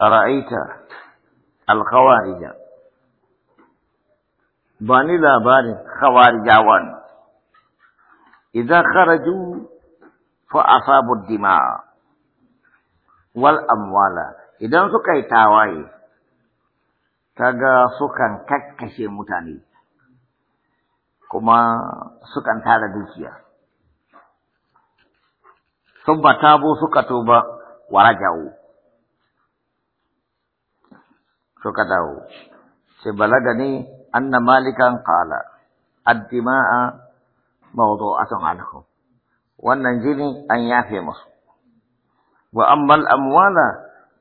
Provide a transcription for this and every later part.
Ara'aita Alkhawari da bani labarin Khawar Jawan, idan karaju fa a sabu wal amma idan su kai tawaye, kaga ga sukan kakkashe mutane, kuma sukan tara dukiya, tun ba ta bo su ba wajen suka dawo sai balagani anna malikan qala ad-dima'a mawdu'atun anhu wannan jini an yafe musu wa ammal amwala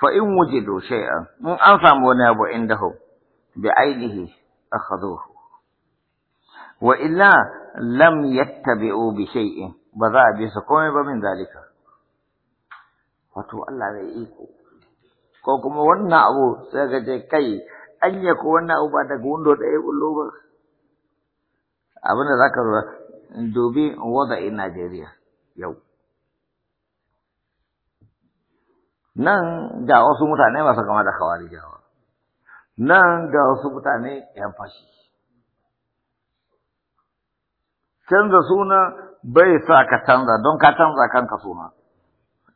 fa in wujidu shay'an in an samu wani abu indahu bi aidihi akhadhuhu wa illa lam yattabi'u bi shay'in ba za a bi su komai ba min zalika wato Allah zai iko ko kuma wannan abu sai ka ce kai an yi ko wannan abu ba daga wando ya bullo ba abin da za ka dubi in Najeriya yau nan ga wasu mutane masu kama da jawa, nan ga wasu mutane yan fashi canza suna bai sa ka canza don ka canza kanka suna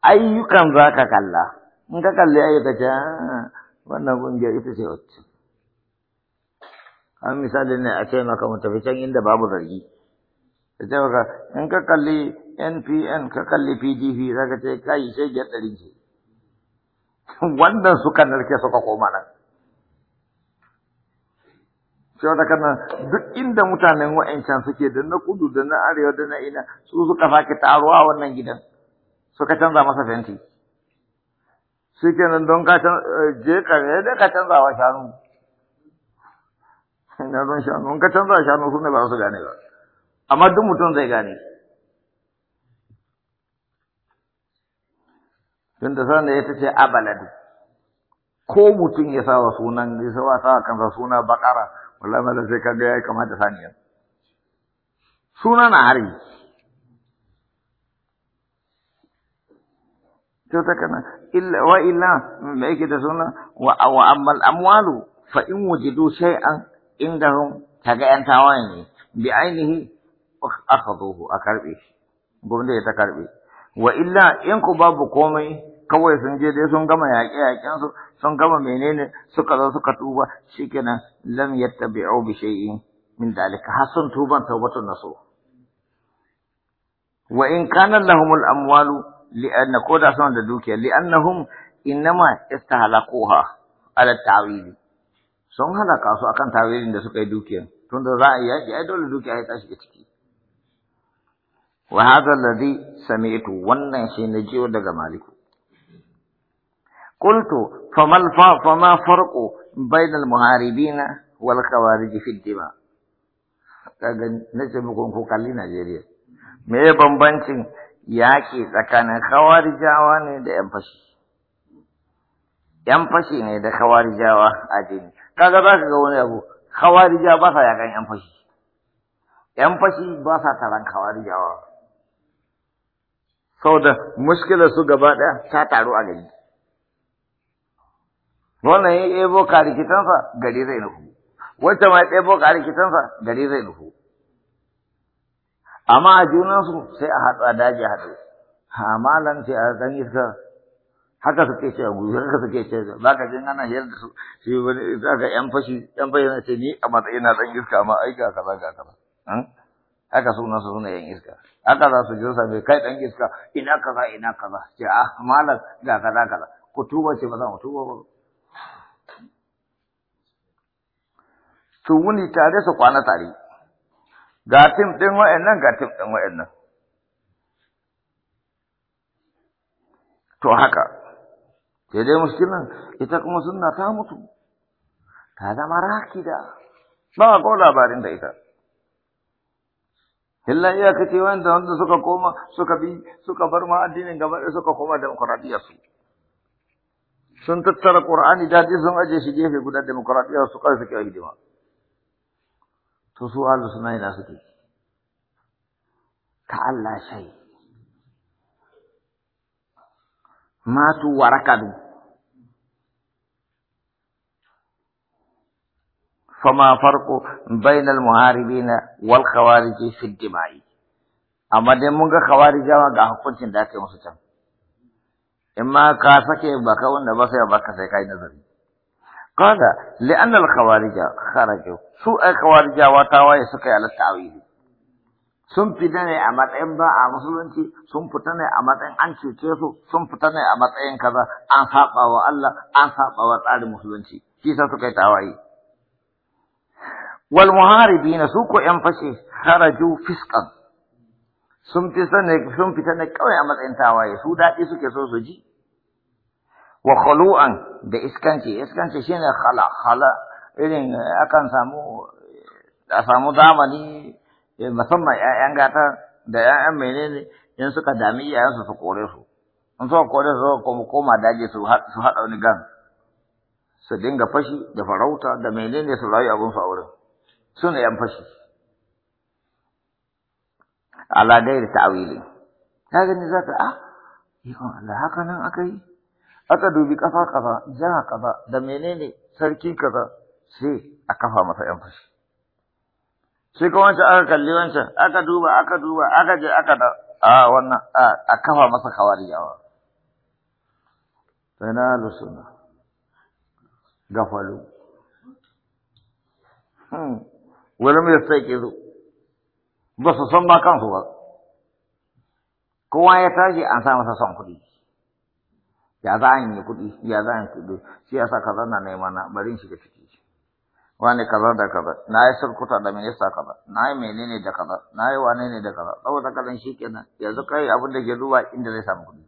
ayyukan za ka kalla in ka kalli ayyukace wannan ƙungiyar ita ce wacce an misali ne a ce maka mu tafi can inda babu zargi ka ce maka in ka kalli npn ka kalli pdp za ka ce kai ce gyar ɗari ce wannan suka narke suka koma nan cewa da kana duk inda mutanen wa'ancan suke da na kudu da na arewa da na ina su suka sake taruwa wannan gidan suka canza masa fenti shi kenan don ka can eh, je kare da ka canza wa shanu Ina don shanu in ka canza wa shanu sun ba su gane ba amma duk mutum zai gane tun da sanar ita ce abaladu ko mutum ya sa wa sunan ya sa wa sa kansa suna bakara wallahi mala sai ka ga ya kamata saniya suna na hari cuta kana illa wa illa me yake da suna wa wa ammal amwalu fa in wujidu shay'an indahum kaga yan tawaye ne bi ainihi akhaduhu a karbe shi gwamnati ya ta karbe wa illa in ku babu komai kawai sun je dai sun gama yaƙe yaƙen su sun gama menene suka zo suka tuba shikenan lam yattabi'u bi shay'in min dalika har sun tuban taubatun naso wa in kana lahumul amwalu li'anna ko da suna da dukiya li'annahum innama istahlaquha ala ta'wili sun halaka a kan tawilin da suka yi dukiyan tunda za a yi yaki ai dole dukiya ya tashi ciki wa hadha alladhi sami'tu wannan shi na jiyo daga maliku qultu famal fa fama farqu bayna al muharibina wal khawarij fi dima kaga muku kalli Najeriya me bambancin yaƙi tsakanin kawarijawa ne da ‘yan fashi. ƴan fashi ne da kawarijawa a jini. Kaga za ka ga wani abu, kawarijawa ba sa yaƙan ‘yan fashi. ‘Yan fashi ba sa taron kawarijawa. Saboda muskila su gaba ɗaya ta taru a gari. Wannan ya ɗebo rikitansa gari zai nufu. Wata ma ya ka rikitansa gari zai nufu. amma a junansu sai a haɗu a daji haɗu amalan sai a ɗan iska haka suke ce a guzu haka suke ce za ka jin ana hiyar su shi wani za ka yan fashi yan fashi na ce ni a matsayin na ɗan iska amma ai ga kaza ga kaza hmm? haka suna su suna yan iska haka za su jinsa mai kai ɗan iska ina kaza ina kaza ce a ah, malam ga kaza kaza ku tuba ce ba za mu tuba ba su wuni tare su kwana tare ga tim ɗin wa'annan ga tim ɗin wa'annan to haka sai dai muskilin ita kuma sunna ta mutu ta zama rakida ba ko labarin da ita illa iya kace wanda wanda suka koma suka bi suka bar ma addinin gaba suka koma demokradiyya su sun tattara qur'ani da sun aje shi gefe guda demokradiyya su kai suke hidima to su ahlu sunna ina suke ka Allah shai matu wa rakadu فما فرق بين المحاربين والخوارج في الدماء amma dai mun ga khawarijawa ga hukuncin da aka musu can in ma ka sake baka wanda ba sai baka sai kai nazari قال لأن الخوارج خرجوا سوء خوارج وتاوي سكي على التعويل sun fita ne a matsayin ba a musulunci sun fita ne a matsayin an cuce su sun fita ne a matsayin kaza an saba wa Allah an saba wa tsarin musulunci shi sa suka yi tawaye wal muharibina su ko yan fashe haraju fiskan sun fita ne sun fita ne kawai a matsayin tawaye su daɗi suke so su ji wa khulu'an da iskanci iskanci shine khala khala irin eh, akan samu a samu zamani eh, musamman 'ya'yan gata da ƴaƴan menene in suka dami iyayensu su kore su in suka kore su kuma koma daji su su haɗa wani gan su dinga fashi da farauta da menene su rayu abun su a wurin su ne ƴan fashi ala gairi ta'awili ka gani za ka yi. Ah, ikon Allah haka nan aka yi aka dubi kafa kaza jiha kaza da menene sarki kaza sai a kafa masa yan fashi shi kuma wancan aka kalli wancan aka duba aka duba aka je aka da a wannan a kafa masa kawariyawa na lusuna gafalu hmm. wani mai sai ke zo ba su san ba kansu ba kowa ya tashi an sa masa son kuɗi ya za a yi kuɗi ya za a yi kuɗi shi yasa kaza na nema na bari in shiga ciki wani kaza da kaza na yi sarkuta da minista kaza na yi menene da kaza na yi wane ne da kaza saboda kaɗan shi kenan yanzu kai abin da ke zuwa inda zai samu kuɗi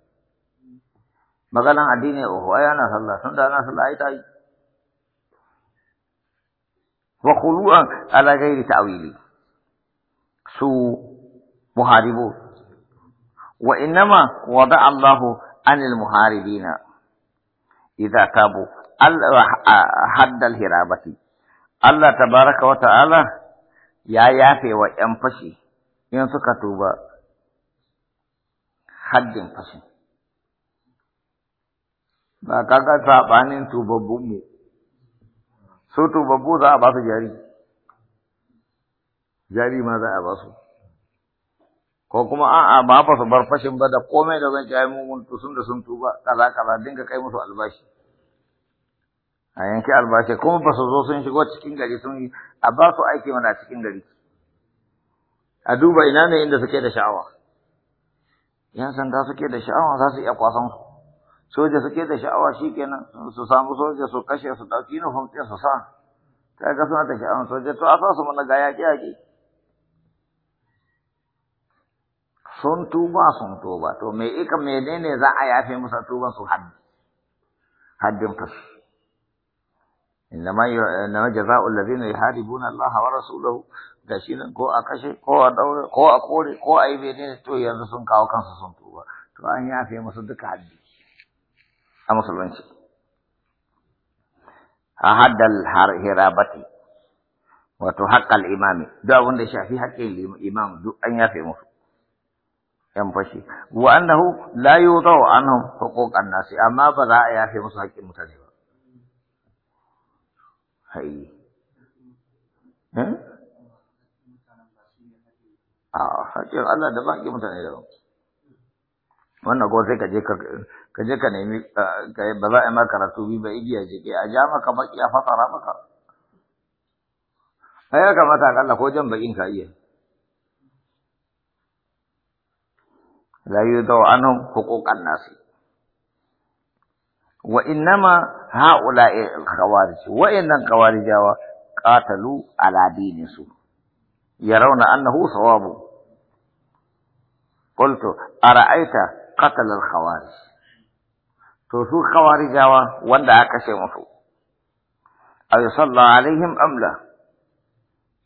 maganan addini oho ai ana sallah sun da ana sallah ai ta yi wa khulu'an ala ghairi ta'wili su muharibu wa innama wada Allahu عن المحاربين إذا تابوا حد الهرابة الله تبارك وتعالى يا يافي وينفشي ينفق توبة حد فشي ba kaga sabanin tubabbun mu su tubabbu za a ba su jari jari ma ko kuma a'a ba fa su bar fashin ba da komai da zan kai mun tusun da sun tuba kaza kaza dinga kai musu albashi a yanki albashi kuma ba su zo sun shigo cikin gari sun yi a ba su aiki mana cikin gari a duba ina ne inda suke da sha'awa yan sanda suke da sha'awa za su iya kwasan su soja suke da sha'awa shikenan su samu soja su kashe su dauki uniform su sa ga suna da sha'awan soja to a sa su mana ga yaki yaki sun tuba sun tuba to me ika menene za a yafe musa tuban su haddi haddin fas innama innama jazaa'u alladhina yuharibuna allaha wa rasulahu da shi nan ko a kashe ko a daure ko a kore ko a yi menene to yanzu sun kawo kansu sun tuba to an yafe musu duka haddi a musulunci a haddal hirabati wato haqqal imami duk abin da shafi haqqin imam duk an yafe musu yan fashi wa annahu la yudaw anhum huquq an-nas amma ba za a yafe musu haƙƙin mutane ba hai eh a haƙƙin Allah da ba haƙƙin mutane da ba wannan ko sai ka je ka ka je ka nemi ba za a yi ma karatu bi ba igiya je ke a ja maka baki a fasara maka ai ya kamata Allah ko jan bakin ka iya لا يدعو عنهم حقوق الناس وإنما هؤلاء الخوارج وإن الخوارج قاتلوا على دين سوء يرون أنه صواب قلت أرأيت قتل الخوارج تسوء خوارج وندعك شمسوء أو يصلى عليهم أم لا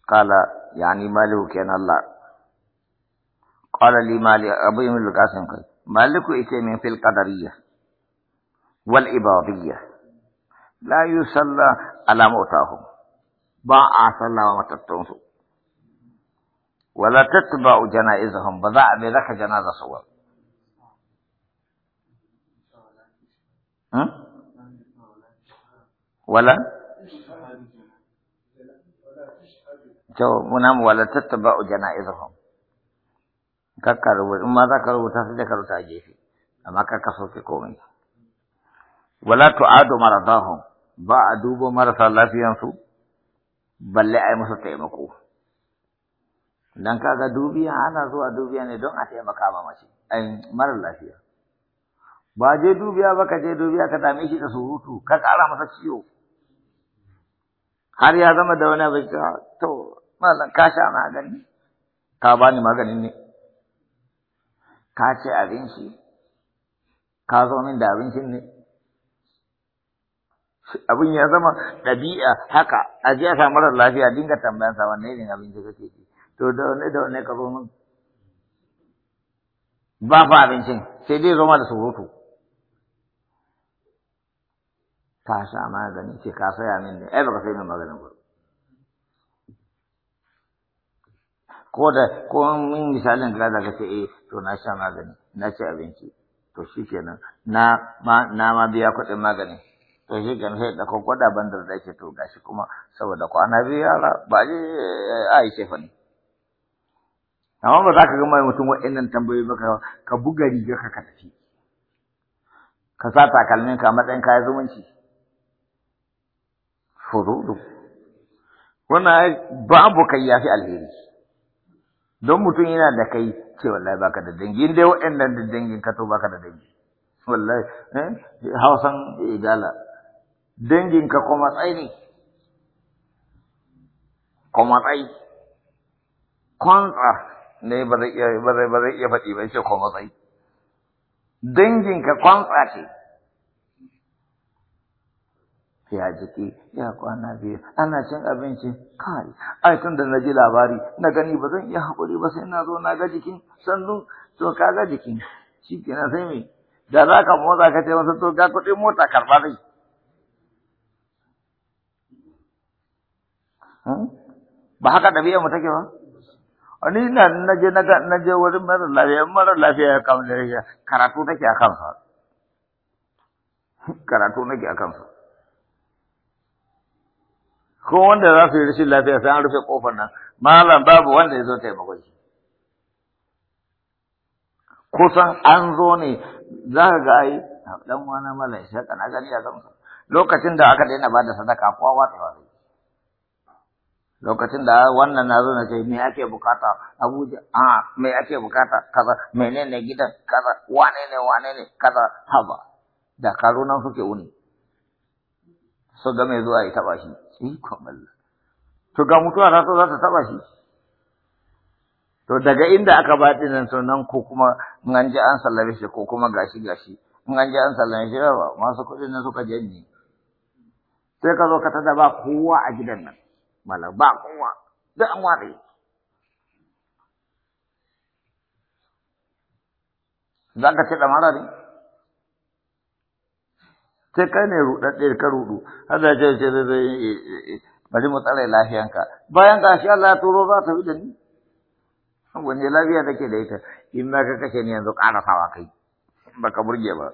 قال يعني ماله كان الله قال لي مالك أبو يمين القاسم قال مالك من في القدرية والإباضية لا يصلى على موتاهم باع صلى ومتتونسو ولا تتبع جنائزهم بضع بذك جنازة صور ولا جو منام ولا تتبع جنائزهم kakka rubuta in ma za ka rubuta sai ka rubuta a gefe amma kakka ke komai wala adu maradahum ba a dubo marasa lafiyansu balle a yi musu taimako dan kaga dubiya ana zuwa dubiya ne don a taimaka ma mace ai mara lafiya ba je dubiya ba ka je dubiya ka dame shi da surutu ka kara masa ciwo har ya zama da wani abu to malam ka sha magani ka bani maganin ne ka ci abinci ka zo min da abincin ne abin ya zama ɗabi'a haka a ji a samu marar lafiya dinga tambayan sa wanne ne abinci kake ci to da wanne da wanne ka zo min ba fa abincin sai dai zoma da surutu ka sha magani ce ka saya min ne ai baka sai min maganin ba ko da ko mun misalin ga da kace eh to na sha magani na ci abinci to shikenan na ma na ma biya kuɗin magani to shi kan sai da ko kwada bandar da yake to gashi kuma saboda kwana biyu yara ba ji ai yi fa ne amma ba za ka ga mai mutum wa'annan tambayoyi ba ka buga riga ka ka tafi ka sa takalmin ka matsayin kayan zumunci furudu wannan babu kai ya fi alheri don mutum yana da kai ce wallahi baka da dangi inda dai waɗannan da dangin ka to baka da dangi wallahi eh? hausan igala dangin ka kuma tsai ne kuma tsai kwantsa ne ba zai iya faɗi ba ce kuma tsai dangin ka kwantsa ce ya jiki ya kwana biyu ana cin abinci kai ai tun da na ji labari na gani ba zan iya haƙuri ba sai na zo na ga jikin sannu to ka ga jikin shi kenan sai me da za ka motsa ka ce masa to ga kuɗin mota karɓa dai hmm? ba haka ɗabi'a mu take ba wani na je na je wurin marar lafiya marar lafiya ya kama da karatu take a kansa karatu nake a kansa ko wanda za su yi rashin lafiya sai an rufe kofar nan malam babu wanda ya zo taimako shi kusan an zo ne za ka ga ai dan wani malam shi haka na gani a zama lokacin da aka daina ba da sadaka kowa ta yi. lokacin da wannan na zo na ce me ake bukata abuja a me ake bukata kaza menene gidan kaza wane ne wane ne kaza haba da karunan suke wuni so ga mai zuwa ya taba shi ikon Allah to ga mutuwa ta za ta taba shi to daga inda aka ba nan to nan ko kuma in an ji an sallame shi ko kuma gashi gashi in an ji an sallame shi ba masu kuɗin nan suka ni. sai ka zo ka tada ba kowa a gidan nan malam ba kowa duk an ware. za ka ce mara ne sai kai ne ruɗaɗɗe ka rudu. hada ce ce ce zai bari mu tsare lafiyanka bayan ka shi Allah ya turo za ta fi da ni wani lafiya take da ita in ma ka kashe ni yanzu ƙara sawa kai baka burge ba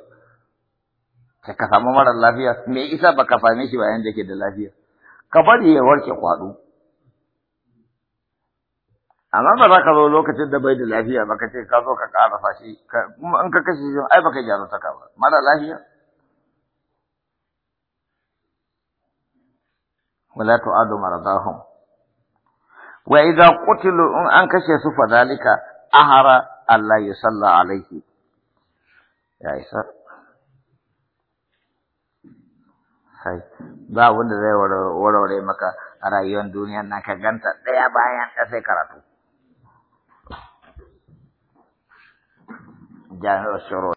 sai ka samu marar lafiya me isa baka same shi bayan da ke da lafiya ka bari ya warke kwado amma ba za ka zo lokacin da bai da lafiya ba ka ce ka zo ka ƙara shi kuma in ka kashe shi ai baka gyara ka ba mara lafiya wala tu'adu maradahum wa idza qutilu in an kashe su fa zalika ahara Allah ya salla alaihi ya isa sai ba wanda zai warware maka a rayuwar duniya na ka ganta ɗaya bayan ɗaya sai karatu jami'ar